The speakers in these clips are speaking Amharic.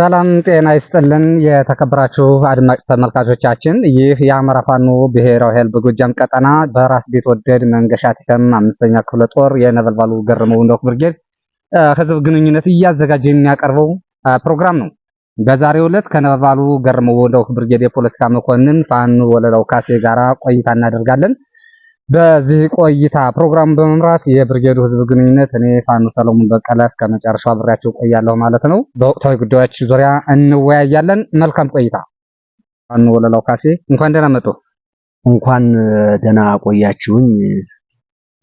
ሰላም ጤና ይስጥልን። የተከበራችሁ አድማጭ ተመልካቾቻችን፣ ይህ የአማራ ፋኖ ብሔራዊ ኃይል በጎጃም ቀጠና በራስ ቢትወደድ መንገሻ ቲከም አምስተኛ ክፍለ ጦር የነበልባሉ ገረመው እንደው ብርጌድ ህዝብ ግንኙነት እያዘጋጀ የሚያቀርበው ፕሮግራም ነው። በዛሬው ዕለት ከነበልባሉ ገረመው እንደው ብርጌድ የፖለቲካ መኮንን ፋኖ ወለላው ካሴ ጋራ ቆይታ እናደርጋለን። በዚህ ቆይታ ፕሮግራሙን በመምራት የብርጌዱ ህዝብ ግንኙነት እኔ ፋኖ ሰለሞን በቀለ እስከ መጨረሻ አብሬያችሁ ቆያለሁ ማለት ነው። በወቅታዊ ጉዳዮች ዙሪያ እንወያያለን። መልካም ቆይታ። ፋኖ ወለላው ካሴ እንኳን ደህና መጡ። እንኳን ደህና ቆያችሁኝ።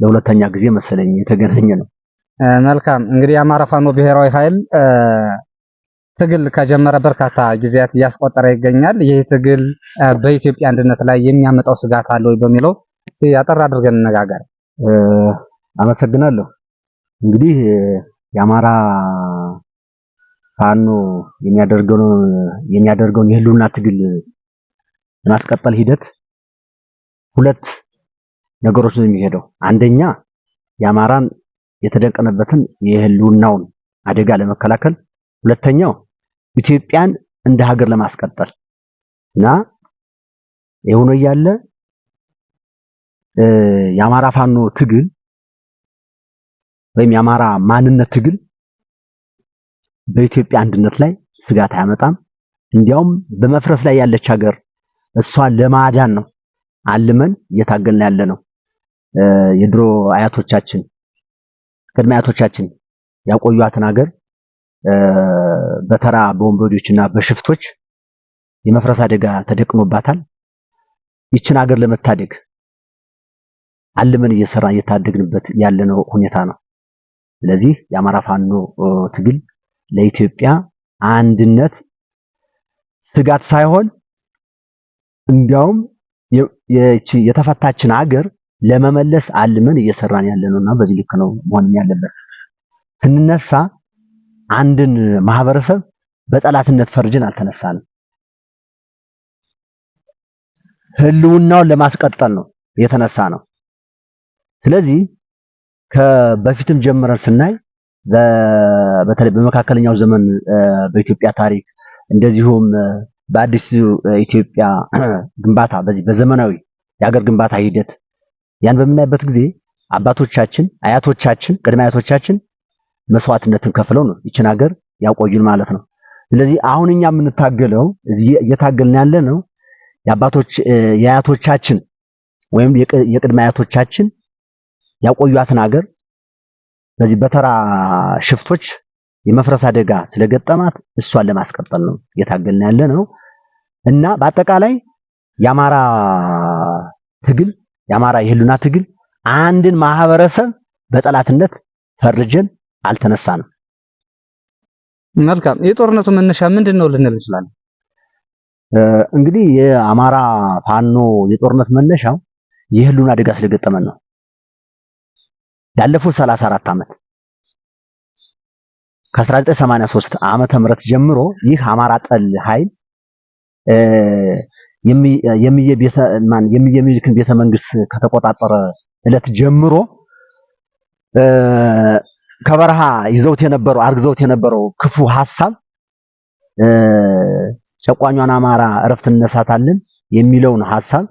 ለሁለተኛ ጊዜ መሰለኝ የተገናኘ ነው። መልካም እንግዲህ የአማራ ፋኖ ብሔራዊ ኃይል ትግል ከጀመረ በርካታ ጊዜያት እያስቆጠረ ይገኛል። ይህ ትግል በኢትዮጵያ አንድነት ላይ የሚያመጣው ስጋት አለ ወይ በሚለው እስቲ ያጠር አድርገን እንነጋገር። አመሰግናለሁ። እንግዲህ የአማራ ፋኖ የሚያደርገውን የህልውና ትግል ለማስቀጠል ሂደት ሁለት ነገሮች ነው የሚሄደው። አንደኛ የአማራን የተደቀነበትን የህልውናውን አደጋ ለመከላከል፣ ሁለተኛው ኢትዮጵያን እንደ ሀገር ለማስቀጠል እና የሆነ እያለ የአማራ ፋኖ ትግል ወይም የአማራ ማንነት ትግል በኢትዮጵያ አንድነት ላይ ስጋት አያመጣም። እንዲያውም በመፍረስ ላይ ያለች ሀገር እሷ ለማዳን ነው አልመን እየታገልን ያለ ነው። የድሮ አያቶቻችን ቅድመ አያቶቻችን ያቆዩአትን ሀገር በተራ በወንበዴዎች በሽፍቶች የመፍረስ አደጋ ተደቅኖባታል። ይችን ሀገር ለመታደግ አልመን እየሰራ እየታደግንበት ያለነው ሁኔታ ነው። ስለዚህ የአማራ ፋኖ ትግል ለኢትዮጵያ አንድነት ስጋት ሳይሆን እንዲያውም የተፈታችን ሀገር ለመመለስ አልመን እየሰራን ያለነውና በዚህ ልክ ነው መሆንም ያለበት። ስንነሳ አንድን ማህበረሰብ በጠላትነት ፈርጅን አልተነሳንም። ህልውናውን ለማስቀጠል ነው የተነሳ ነው። ስለዚህ ከበፊትም ጀምረን ስናይ በተለይ በመካከለኛው ዘመን በኢትዮጵያ ታሪክ እንደዚሁም በአዲሱ ኢትዮጵያ ግንባታ በዚህ በዘመናዊ የሀገር ግንባታ ሂደት ያን በምናይበት ጊዜ አባቶቻችን፣ አያቶቻችን፣ ቅድመ አያቶቻችን መስዋዕትነትን ከፍለው ነው ይችን ሀገር ያቆዩን ማለት ነው። ስለዚህ አሁን እኛ የምንታገለው እዚህ እየታገልን ያለ ነው የአባቶች የአያቶቻችን ወይም የቅድመ አያቶቻችን ያቆዩአትን ሀገር በዚህ በተራ ሽፍቶች የመፍረስ አደጋ ስለገጠማት እሷን ለማስቀጠል ነው እየታገልን ያለ ነው እና በአጠቃላይ የአማራ ትግል የአማራ የህሉና ትግል አንድን ማህበረሰብ በጠላትነት ፈርጀን አልተነሳንም። መልካም። የጦርነቱ መነሻ ምንድን ነው ልንል እንችላለን? እንግዲህ የአማራ ፋኖ የጦርነት መነሻው የህሉና አደጋ ስለገጠመን ነው። ላለፉት 34 ዓመት ከ1983 ዓመተ ምህረት ጀምሮ ይህ አማራ ጠል ኃይል የሚየ የሚየሚልክን ቤተ መንግስት ከተቆጣጠረ እለት ጀምሮ ከበረሃ ይዘውት የነበረው አርግዘውት የነበረው ክፉ ሐሳብ ጨቋኟን አማራ እረፍት እነሳታለን የሚለውን ሐሳብ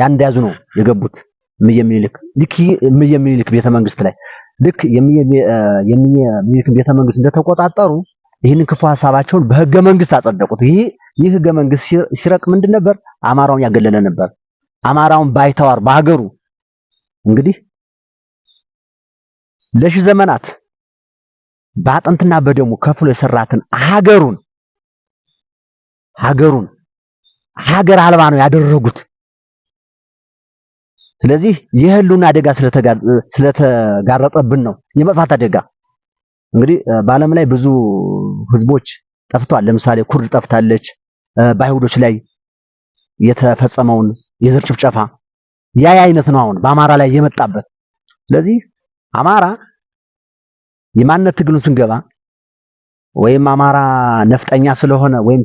ያን ያዙ ነው የገቡት። እምዬ ምኒልክ ልክ ምኒልክ ቤተ መንግስት ላይ ልክ የሚኒልክ ቤተ መንግስት እንደተቆጣጠሩ ይህንን ክፉ ሀሳባቸውን በህገ መንግስት አጸደቁት። ይህ ይህ ህገ መንግስት ሲረቅ ምንድን ነበር? አማራውን ያገለለ ነበር። አማራውን ባይተዋር በሀገሩ እንግዲህ ለሺህ ዘመናት በአጥንትና በደሙ ከፍሎ የሰራትን ሀገሩን ሀገሩን ሀገር አልባ ነው ያደረጉት። ስለዚህ የህልውና አደጋ ስለተጋረጠብን ነው የመጥፋት አደጋ። እንግዲህ በዓለም ላይ ብዙ ህዝቦች ጠፍቷል። ለምሳሌ ኩርድ ጠፍታለች። በአይሁዶች ላይ የተፈጸመውን የዘር ጭፍጨፋ ያ አይነት ነው አሁን በአማራ ላይ የመጣበት። ስለዚህ አማራ የማንነት ትግሉን ስንገባ ወይም አማራ ነፍጠኛ ስለሆነ ወይም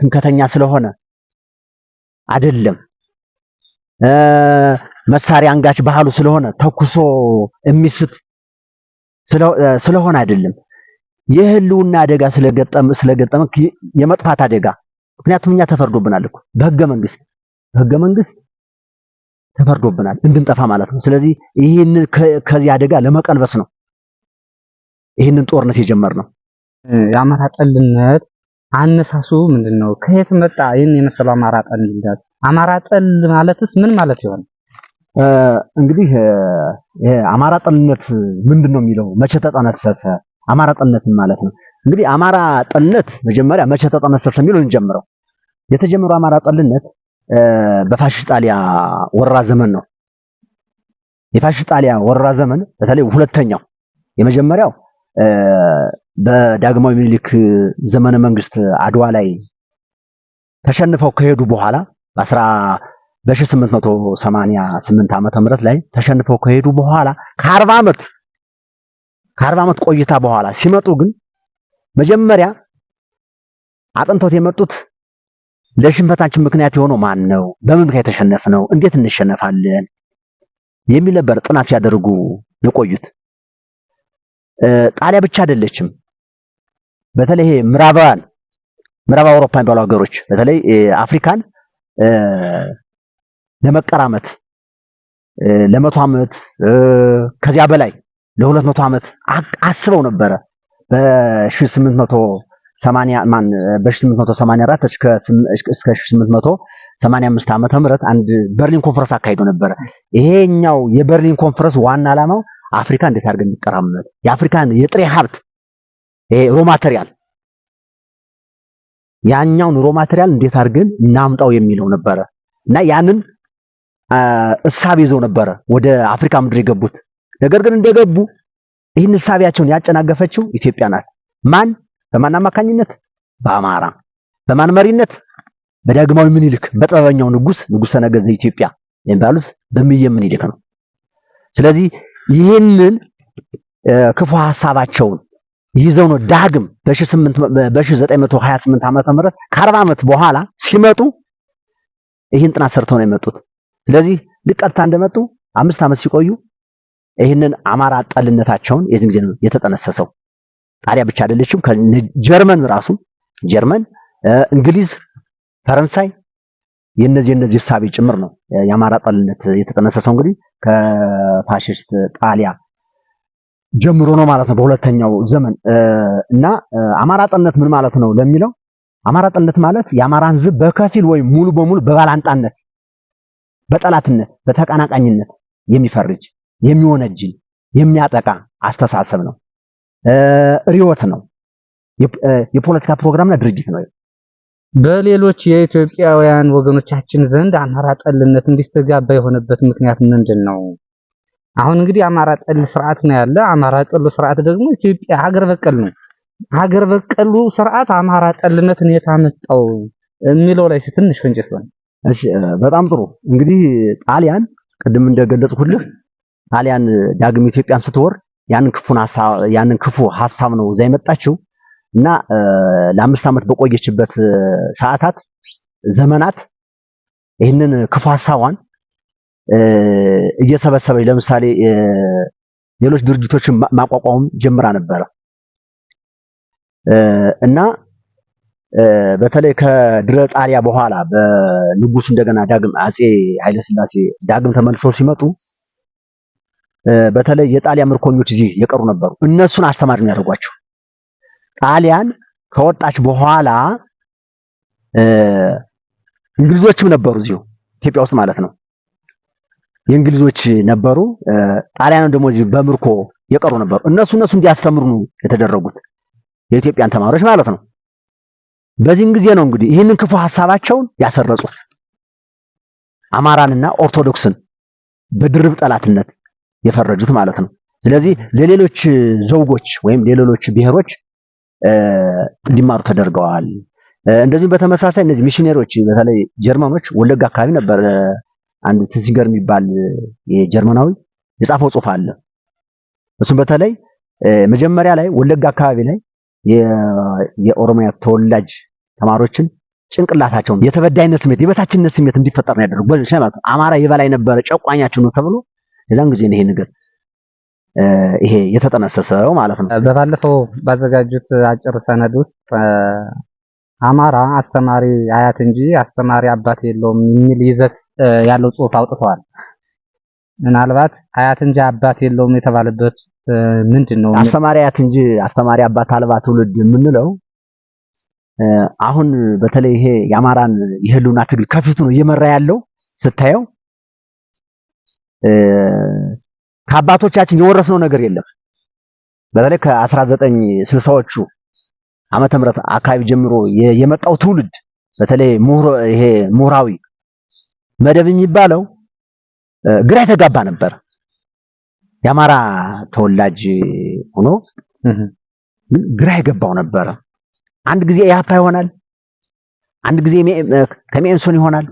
ትምከተኛ ስለሆነ አይደለም። መሳሪያ አንጋች ባህሉ ስለሆነ ተኩሶ የሚስት ስለሆነ አይደለም። የህልውና አደጋ ስለገጠመ ስለገጠመ የመጥፋት አደጋ ምክንያቱም እኛ ተፈርዶብናል እኮ በህገ መንግስት በህገ መንግስት ተፈርዶብናል እንድንጠፋ ማለት ነው። ስለዚህ ይህንን ከዚህ አደጋ ለመቀልበስ ነው ይህንን ጦርነት የጀመርነው። የአማራ ጠልነት አነሳሱ ምንድን ነው? ከየት መጣ? ይህን የመሰለው አማራ ጠልነት አማራ ጠል ማለትስ ምን ማለት ይሆን? እንግዲህ አማራ ጠልነት ምንድን ነው የሚለው መቼ ተጠነሰሰ? አማራ ጠልነት ማለት ነው እንግዲህ አማራ ጠልነት መጀመሪያ መቼ ተጠነሰሰ የሚለውን እንጀምረው። የተጀመረው አማራ ጠልነት በፋሽስት ጣሊያ ወራ ዘመን ነው። የፋሽስት ጣሊያ ወራ ዘመን በተለይ ሁለተኛው የመጀመሪያው በዳግማዊ ምኒልክ ዘመነ መንግስት አድዋ ላይ ተሸንፈው ከሄዱ በኋላ በአስራ በ1888 ዓመተ ምህረት ላይ ተሸንፈው ከሄዱ በኋላ ከአርባ ዓመት ዓመት ቆይታ በኋላ ሲመጡ ግን መጀመሪያ አጥንቶት የመጡት ለሽንፈታችን ምክንያት የሆነው ማን ነው? በምን ምክንያት ነው? እንዴት እንሸነፋለን? የሚል ነበር ጥናት ሲያደርጉ የቆዩት። ጣሊያ ብቻ አይደለችም። በተለይ ምዕራባውያን ምዕራብ አውሮፓ የሚባሉ ሀገሮች በተለይ አፍሪካን ለመቀራመት ለመቶ ዓመት ከዚያ በላይ ለሁለት መቶ ዓመት አስበው ነበረ። በ1884 እስከ 1885 ዓመተ ምህረት አንድ በርሊን ኮንፈረንስ አካሂዶ ነበረ። ይሄኛው የበርሊን ኮንፈረንስ ዋና ዓላማው አፍሪካ እንዴት አድርገን እንቀራመት የአፍሪካን የጥሬ ሀብት ይሄ ሮማተሪያል ያኛውን ሮ ማቴሪያል እንዴት አድርገን እናምጣው የሚለው ነበረ እና ያንን እሳብ ይዘው ነበረ ወደ አፍሪካ ምድር የገቡት። ነገር ግን እንደገቡ ይህን እሳቤያቸውን ያጨናገፈችው ኢትዮጵያ ናት። ማን? በማን አማካኝነት? በአማራ። በማን መሪነት? በዳግማዊ ምኒልክ በጥበበኛው ንጉስ ንጉሰ ነገዘ ኢትዮጵያ የሚባሉት በምየ ምኒልክ ነው። ስለዚህ ይህንን ክፉ ሀሳባቸውን ይዘው ነው ዳግም በ928 ዓመተ ምህረት ከአርባ ዓመት በኋላ ሲመጡ ይህን ጥናት ሰርተው ነው የመጡት። ስለዚህ ልቀጥታ እንደመጡ አምስት ዓመት ሲቆዩ ይህንን አማራ ጠልነታቸውን የዚህ ጊዜ ነው የተጠነሰሰው። ጣሊያን ብቻ አይደለችም፣ ጀርመን ራሱ ጀርመን፣ እንግሊዝ፣ ፈረንሳይ የነዚህ የነዚህ ሳቢ ጭምር ነው የአማራ ጠልነት የተጠነሰሰው እንግዲህ ከፋሽስት ጣሊያ ጀምሮ ነው ማለት ነው በሁለተኛው ዘመን እና አማራ ጠነት ምን ማለት ነው ለሚለው አማራ ጠነት ማለት የአማራን ህዝብ በከፊል ወይም ሙሉ በሙሉ በባላንጣነት፣ በጠላትነት፣ በተቀናቃኝነት የሚፈርጅ የሚወነጅል የሚያጠቃ አስተሳሰብ ነው። ሪዮት ነው። የፖለቲካ ፕሮግራምና ድርጅት ነው። በሌሎች የኢትዮጵያውያን ወገኖቻችን ዘንድ አማራ ጠልነት እንዲስተጋባ የሆነበት ምክንያት ምንድን ነው? አሁን እንግዲህ አማራ ጠል ስርዓት ነው ያለ። አማራ ጠሉ ስርዓት ደግሞ ኢትዮጵያ ሀገር በቀል ነው። ሀገር በቀሉ ስርዓት አማራ ጠልነትን የታመጣው የሚለው ላይ ትንሽ ፍንጭ ይስጣል። እሺ፣ በጣም ጥሩ። እንግዲህ ጣሊያን ቅድም እንደገለጽኩልህ ጣሊያን ዳግም ኢትዮጵያን ስትወር ያንን ክፉን ሐሳብ ያንን ክፉ ሐሳብ ነው እዛ የመጣችው እና ለአምስት ዓመት በቆየችበት ሰዓታት ዘመናት ይህንን ክፉ ሐሳቧን እየሰበሰበች ለምሳሌ ሌሎች ድርጅቶችን ማቋቋም ጀምራ ነበረ እና በተለይ ከድረ ጣሊያ በኋላ በንጉሱ እንደገና ዳግም አጼ ኃይለስላሴ ዳግም ተመልሰው ሲመጡ በተለይ የጣሊያን ምርኮኞች እዚህ የቀሩ ነበሩ። እነሱን አስተማሪ ነው ያደርጓቸው። ጣሊያን ከወጣች በኋላ እንግሊዞችም ነበሩ እዚሁ ኢትዮጵያ ውስጥ ማለት ነው። የእንግሊዞች ነበሩ። ጣሊያን ደግሞ እዚህ በምርኮ የቀሩ ነበሩ። እነሱ እነሱ እንዲያስተምሩ ነው የተደረጉት የኢትዮጵያን ተማሪዎች ማለት ነው። በዚህም ጊዜ ነው እንግዲህ ይህንን ክፉ ሀሳባቸውን ያሰረጹት አማራንና ኦርቶዶክስን በድርብ ጠላትነት የፈረጁት ማለት ነው። ስለዚህ ለሌሎች ዘውጎች ወይም ለሌሎች ብሔሮች እንዲማሩ ተደርገዋል። እንደዚሁም በተመሳሳይ እነዚህ ሚሽነሪዎች በተለይ ጀርመኖች ወለጋ አካባቢ ነበር አንድ ትሲንገር የሚባል የጀርመናዊ የጻፈው ጽሁፍ አለ። እሱም በተለይ መጀመሪያ ላይ ወለጋ አካባቢ ላይ የኦሮሚያ ተወላጅ ተማሪዎችን ጭንቅላታቸውን የተበዳይነት ስሜት የበታችነት ስሜት እንዲፈጠር ነው ያደረጉ። በዚህ ማለት አማራ የበላይ ነበረ ጨቋኛችሁ ነው ተብሎ የዛን ጊዜ ነው ይሄ ነገር ይሄ የተጠነሰሰው ማለት ነው። በባለፈው ባዘጋጁት አጭር ሰነድ ውስጥ አማራ አስተማሪ አያት እንጂ አስተማሪ አባት የለውም የሚል ይዘት ያለው ጽሁፍ አውጥተዋል። ምናልባት አያት እንጂ አባት የለውም የተባለበት ምንድን ነው? አስተማሪ አያት እንጂ አስተማሪ አባት አልባ ትውልድ የምንለው አሁን በተለይ ይሄ የአማራን የህልውና ትግል ከፊቱ ነው እየመራ ያለው ስታየው ከአባቶቻችን የወረስነው ነገር የለም። በተለይ ከ1960ዎቹ ዓመተ ምህረት አካባቢ ጀምሮ የመጣው ትውልድ በተለይ ይሄ ምሁራዊ መደብ የሚባለው ግራ የተጋባ ነበር። የአማራ ተወላጅ ሆኖ ግራ የገባው ነበር። አንድ ጊዜ ኢህአፓ ይሆናል፣ አንድ ጊዜ ከሚኤምሶን ይሆናል፣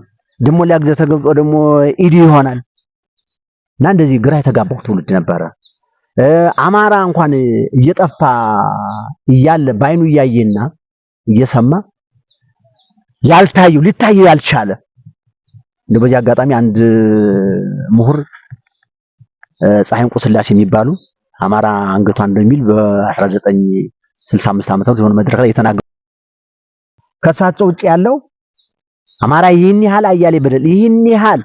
ደግሞ ሌላ ጊዜ ተገብጦ ደግሞ ኢዲ ይሆናል እና እንደዚህ ግራ የተጋባው ትውልድ ነበረ። አማራ እንኳን እየጠፋ እያለ በአይኑ እያየና እየሰማ ያልታየው ሊታየው ያልቻለ እንደ በዚህ አጋጣሚ አንድ ምሁር ፀሐይ እንቁ ስላሴ የሚባሉ አማራ አንገቷን እንደሚል በ1965 ዓመተ የሆነ መድረክ ላይ የተናገሩ ከሳቸው ውጭ ያለው አማራ ይህን ያህል አያሌ በደል ይህን ያህል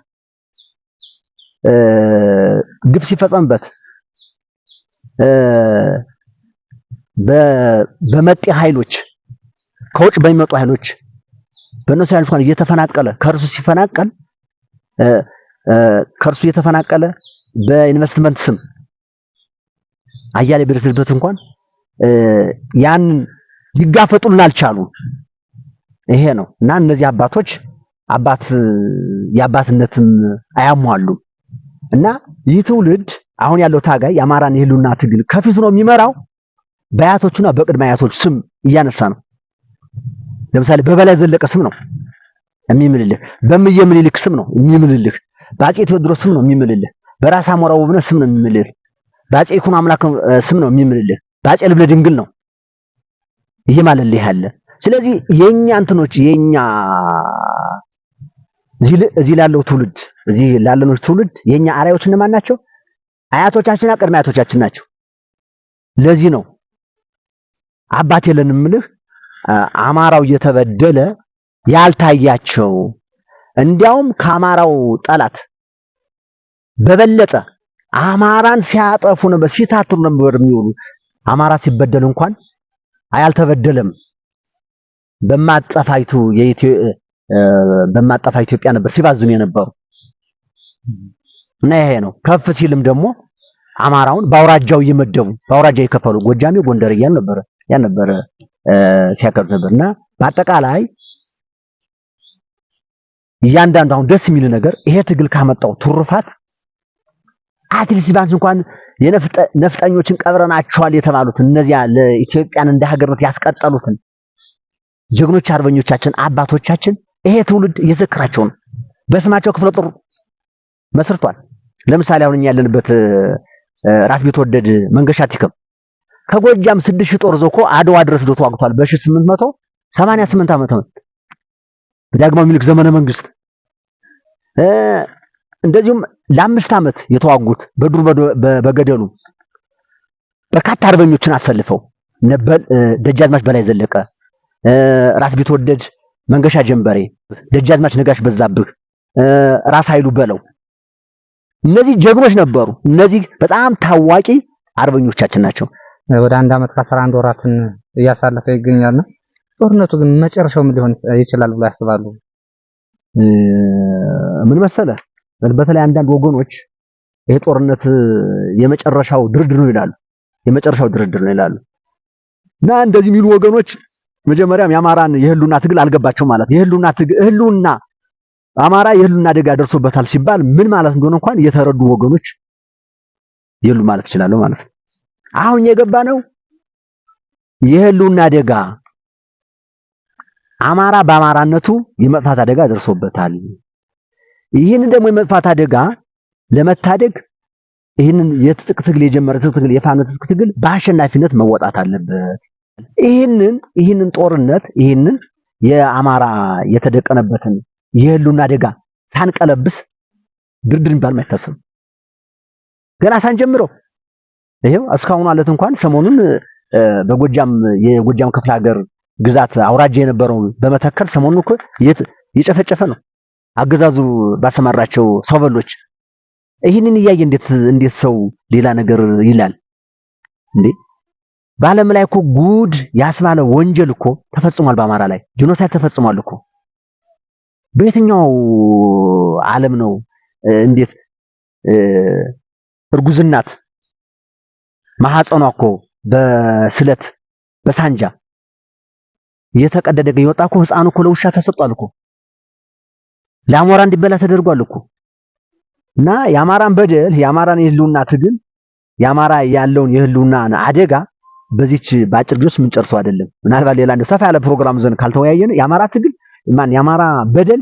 ግፍ ሲፈጸምበት በመጤ ኃይሎች ከውጭ በሚመጡ ኃይሎች በእነሱ ኃይሎች እየተፈናቀለ ከእርሱ ሲፈናቀል ከእርሱ የተፈናቀለ በኢንቨስትመንት ስም አያሌ ቢደርስበት እንኳን ያን ሊጋፈጡልን አልቻሉ። ይሄ ነው እና እነዚህ አባቶች አባት የአባትነትም አያሟሉ እና ይህ ትውልድ አሁን ያለው ታጋይ የአማራን የህሉና ትግል ከፊቱ ነው የሚመራው። በአያቶቹና በቅድመ አያቶች ስም እያነሳ ነው። ለምሳሌ በበላይ ዘለቀ ስም ነው የሚምልልህ በእምዬ ምኒልክ ስም ነው የሚምልልህ። በአፄ ቴዎድሮስ ስም ነው የሚምልልህ። በራስ አሞራው ውብነህ ስም ነው የሚምልልህ። በአፄ ይኩኖ አምላክ ስም ነው የሚምልልህ። በአፄ ልብነ ድንግል ነው ይሄ ማለልህ ያለ። ስለዚህ የኛ እንትኖች የኛ እዚህ ላለው ትውልድ እዚህ ላለነው ትውልድ የኛ አርአዮች እነማን ናቸው? አያቶቻችንና ቅድመ አያቶቻችን ናቸው። ለዚህ ነው አባት የለንም ምልህ አማራው እየተበደለ ያልታያቸው እንዲያውም ከአማራው ጠላት በበለጠ አማራን ሲያጠፉ ነበር፣ ሲታትሩ ነበር የሚውሉ። አማራ ሲበደል እንኳን አያልተበደለም በማጠፋይቱ በማጠፋ ኢትዮጵያ ነበር ሲባዝኑ የነበሩ እና ይሄ ነው። ከፍ ሲልም ደግሞ አማራውን በአውራጃው እየመደቡ በአውራጃው የከፈሉ ጎጃሜ፣ ጎንደር እያሉ ነበረ ያ ነበረ ሲያከብድ ነበርና በአጠቃላይ እያንዳንዱ አሁን ደስ የሚል ነገር ይሄ ትግል ካመጣው ትሩፋት አትሊስ ቢያንስ እንኳን የነፍጠኞችን ቀብረናቸዋል የተባሉት እነዚያ ለኢትዮጵያን እንደ ሀገርነት ያስቀጠሉትን ጀግኖች አርበኞቻችን አባቶቻችን ይሄ ትውልድ እየዘከራቸው ነው። በስማቸው ክፍለ ጦር መስርቷል። ለምሳሌ አሁን እኛ ያለንበት ራስ ቢትወደድ መንገሻ ቲከም ከጎጃም ስድስት ሺህ ጦር ዘኮ አድዋ ድረስ ዶቶ ተዋግቷል በ888 ዓመተ ምህረት በዳግማዊ ምኒልክ ዘመነ መንግስት እንደዚሁም ለአምስት ዓመት የተዋጉት በዱር በገደሉ በርካታ አርበኞችን አሰልፈው ደጃዝማች በላይ ዘለቀ፣ ራስ ቢትወደድ መንገሻ ጀንበሬ፣ ደጃዝማች ነጋሽ በዛብህ፣ ራስ ኃይሉ በለው እነዚህ ጀግኖች ነበሩ። እነዚህ በጣም ታዋቂ አርበኞቻችን ናቸው። ወደ አንድ ዓመት ከአስራ አንድ ወራትን እያሳለፈ ይገኛል ነው ጦርነቱ ግን መጨረሻው ምን ሊሆን ይችላል ብሎ ያስባሉ? ምን መሰለ፣ በተለይ አንዳንድ ወገኖች ይሄ ጦርነት የመጨረሻው ድርድር ነው ይላሉ። የመጨረሻው ድርድር ነው ይላሉ። እና እንደዚህ የሚሉ ወገኖች መጀመሪያም የአማራን የህልውና ትግል አልገባቸው ማለት የህሉና ትግል ህልውና አማራ የህሉና አደጋ ደርሶበታል ሲባል ምን ማለት እንደሆነ እንኳን የተረዱ ወገኖች የሉ ማለት ይችላል ማለት ነው። አሁን የገባ ነው የህልውና አደጋ አማራ በአማራነቱ የመጥፋት አደጋ ደርሶበታል። ይህንን ደግሞ የመጥፋት አደጋ ለመታደግ ይህንን የትጥቅ ትግል የጀመረ ትጥቅ ትግል የፋኖ ትጥቅ ትግል በአሸናፊነት መወጣት አለበት። ይህንን ይህንን ጦርነት ይህንን የአማራ የተደቀነበትን የህሉና አደጋ ሳንቀለብስ ድርድር የሚባል አይታሰብም። ገና ሳንጀምረው ይሄው እስካሁን አለት እንኳን ሰሞኑን በጎጃም የጎጃም ክፍለ ሀገር ግዛት አውራጃ የነበረው በመተከል ሰሞኑን እኮ እየጨፈጨፈ ነው አገዛዙ ባሰማራቸው ሰው በሎች። ይህንን እያየ እንዴት ሰው ሌላ ነገር ይላል እንዴ? በዓለም ላይ እኮ ጉድ ያስባለ ወንጀል እኮ ተፈጽሟል። በአማራ ላይ ጂኖሳይድ ተፈጽሟል እኮ። በየትኛው ዓለም ነው እንዴት እርጉዝናት እናት ማህፀኗ እኮ በስለት በሳንጃ እየተቀደደ የወጣ እኮ ህፃኑ እኮ ለውሻ ተሰጧል እኮ ለአሞራ እንዲበላ ተደርጓል እኮ እና የአማራን በደል የአማራን የህልውና ትግል የአማራ ያለውን የህልውና አደጋ በዚች በአጭር ጊዜ ውስጥ የምንጨርሰው አይደለም። ምናልባት ሌላ እንደው ሰፋ ያለ ፕሮግራም ዘንድ ካልተወያየን የአማራ ትግል ማን የአማራ በደል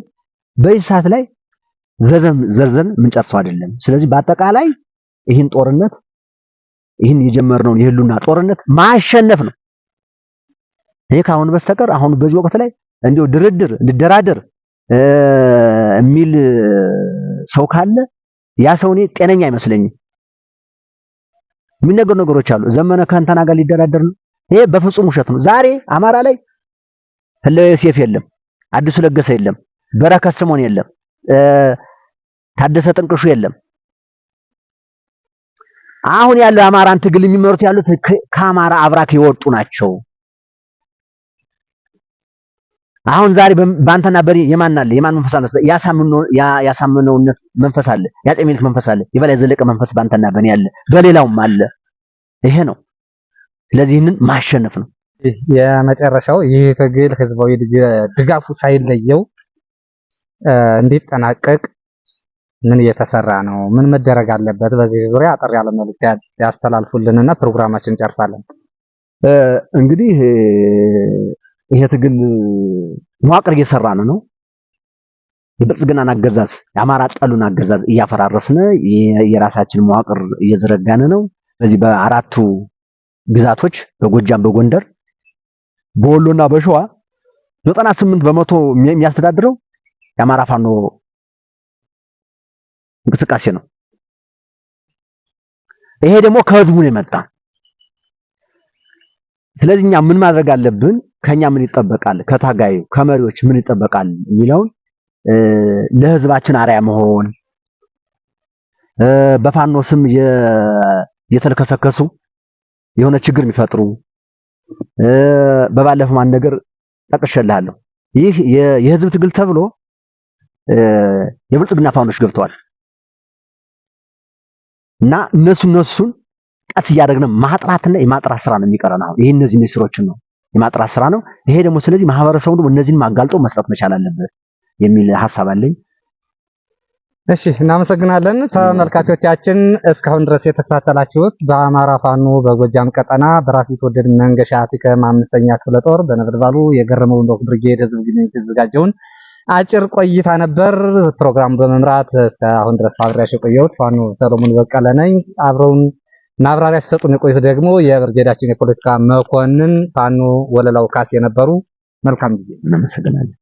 በዚህ ሰዓት ላይ ዘዘም ዘርዘን የምንጨርሰው አይደለም። ስለዚህ በአጠቃላይ ይህን ጦርነት ይህን የጀመርነውን የህልውና ጦርነት ማሸነፍ ነው። ይሄ ካሁን በስተቀር አሁን በዚህ ወቅት ላይ እንዲሁ ድርድር እንድደራደር የሚል ሰው ካለ ያ ሰው እኔ ጤነኛ አይመስለኝም። የሚነገሩ ነገሮች አሉ። ዘመነ ከእንተና ጋር ሊደራደር ነው። ይሄ በፍጹም ውሸት ነው። ዛሬ አማራ ላይ ህላዊ ሴፍ የለም፣ አዲሱ ለገሰ የለም፣ በረከት ስምኦን የለም፣ ታደሰ ጥንቅሹ የለም። አሁን ያለው የአማራን ትግል የሚመሩት ያሉት ከአማራ አብራክ የወጡ ናቸው። አሁን ዛሬ በአንተና በኔ የማን አለ? የማን መንፈስ አለ? ያሳምነውነት መንፈስ አለ፣ ያጼሚነት መንፈስ አለ፣ የበላይ ዘለቀ መንፈስ በአንተና በኔ አለ፣ በሌላውም አለ። ይሄ ነው። ስለዚህ ይህንን ማሸነፍ ነው የመጨረሻው። ይህ ትግል ህዝባዊ ድጋፉ ሳይለየው እንዲጠናቀቅ ምን እየተሰራ ነው? ምን መደረግ አለበት? በዚህ ዙሪያ አጠር ያለ መልእክት ያስተላልፉልንና ፕሮግራማችን እንጨርሳለን። እንግዲህ ይሄ ትግል መዋቅር እየሰራን ነው። የብልጽግናን አገዛዝ የአማራ ጠሉን አገዛዝ እያፈራረስን የራሳችን መዋቅር እየዘረጋን ነው። በዚህ በአራቱ ግዛቶች በጎጃም፣ በጎንደር፣ በወሎና በሸዋ ዘጠና ስምንት በመቶ የሚያስተዳድረው የአማራ ፋኖ እንቅስቃሴ ነው። ይሄ ደግሞ ከህዝቡ ነው የመጣ። ስለዚህ እኛ ምን ማድረግ አለብን? ከኛ ምን ይጠበቃል፣ ከታጋዩ ከመሪዎች ምን ይጠበቃል የሚለውን ለህዝባችን አርያ መሆን በፋኖ ስም የተልከሰከሱ የሆነ ችግር የሚፈጥሩ በባለፈው ማን ነገር ጠቅሼልሃለሁ። ይህ የህዝብ ትግል ተብሎ የብልጽግና ፋኖች ገብተዋል እና እነሱ እነሱን ቀስ እያደረግን ማጥራትና የማጥራት ስራ ነው የሚቀረን። አሁን ይህ እነዚህ ስሮችን ነው የማጥራት ስራ ነው ይሄ ደግሞ። ስለዚህ ማህበረሰቡ እነዚህን ማጋልጦ መስጠት መቻል አለበት የሚል ሀሳብ አለኝ። እሺ እናመሰግናለን። ተመልካቾቻችን እስካሁን ድረስ የተከታተላችሁት በአማራ ፋኖ በጎጃም ቀጠና በራስ ቢትወደድ መንገሻ አቲከም አምስተኛ ክፍለ ጦር በነበልባሉ የገረመው ወንዶክ ብርጌድ ህዝብ ግንኙነት የተዘጋጀውን አጭር ቆይታ ነበር። ፕሮግራሙ በመምራት እስካሁን ድረስ አብሬያችሁ የቆየሁት ፋኖ ሰለሞን በቀለ ነኝ። አብረውን ማብራሪያ ሲሰጡን የቆዩት ደግሞ የብርጌዳችን የፖለቲካ መኮንን ፋኖ ወለላው ካሴ የነበሩ። መልካም ጊዜ። እናመሰግናለን።